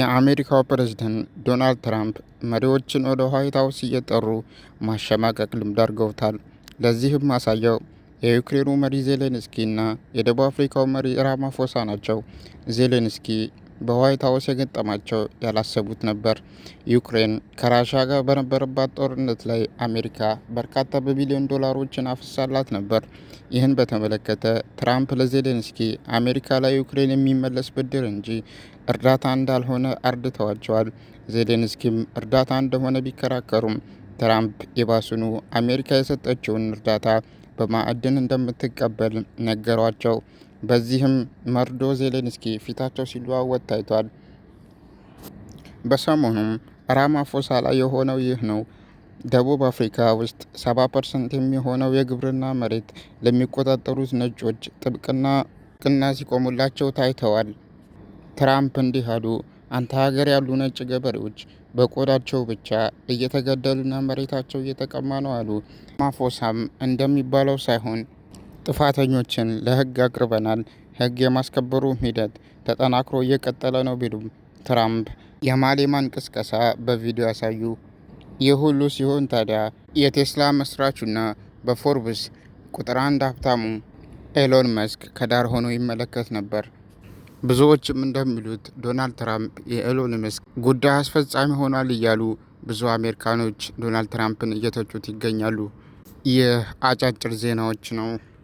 የአሜሪካው ፕሬዝደንት ዶናልድ ትራምፕ መሪዎችን ወደ ዋይት ሀውስ እየጠሩ ማሸማቀቅ ልምድ አድርገውታል። ለዚህም ማሳያው የዩክሬኑ መሪ ዜሌንስኪ እና የደቡብ አፍሪካው መሪ ራማፎሳ ናቸው። ዜሌንስኪ በዋይት ሀውስ የገጠማቸው ያላሰቡት ነበር። ዩክሬን ከራሻ ጋር በነበረባት ጦርነት ላይ አሜሪካ በርካታ በቢሊዮን ዶላሮችን አፍሳላት ነበር። ይህን በተመለከተ ትራምፕ ለዜሌንስኪ አሜሪካ ዩክሬን የሚመለስ ብድር እንጂ እርዳታ እንዳልሆነ አርድተዋቸዋል። ዜሌንስኪም እርዳታ እንደሆነ ቢከራከሩም ትራምፕ የባሱኑ አሜሪካ የሰጠችውን እርዳታ በማዕድን እንደምትቀበል ነገሯቸው። በዚህም መርዶ ዜሌንስኪ ፊታቸው ሲለዋወጥ ታይቷል። በሰሞኑም ራማፎሳ ላይ የሆነው ይህ ነው። ደቡብ አፍሪካ ውስጥ 70 ፐርሰንት የሚሆነው የግብርና መሬት ለሚቆጣጠሩት ነጮች ጥብቅና ቅና ሲቆሙላቸው ታይተዋል። ትራምፕ እንዲህ አሉ። አንተ ሀገር ያሉ ነጭ ገበሬዎች በቆዳቸው ብቻ እየተገደሉና መሬታቸው እየተቀማ ነው አሉ። ማፎሳም እንደሚባለው ሳይሆን ጥፋተኞችን ለህግ አቅርበናል፣ ህግ የማስከበሩ ሂደት ተጠናክሮ እየቀጠለ ነው ቢሉም ትራምፕ የማሌማን ቅስቀሳ በቪዲዮ ያሳዩ። ይህ ሁሉ ሲሆን ታዲያ የቴስላ መስራቹና በፎርብስ ቁጥር አንድ ሀብታሙ ኤሎን መስክ ከዳር ሆኖ ይመለከት ነበር። ብዙዎችም እንደሚሉት ዶናልድ ትራምፕ የኤሎን መስክ ጉዳይ አስፈጻሚ ሆኗል እያሉ ብዙ አሜሪካኖች ዶናልድ ትራምፕን እየተቹት ይገኛሉ። ይህ አጫጭር ዜናዎች ነው።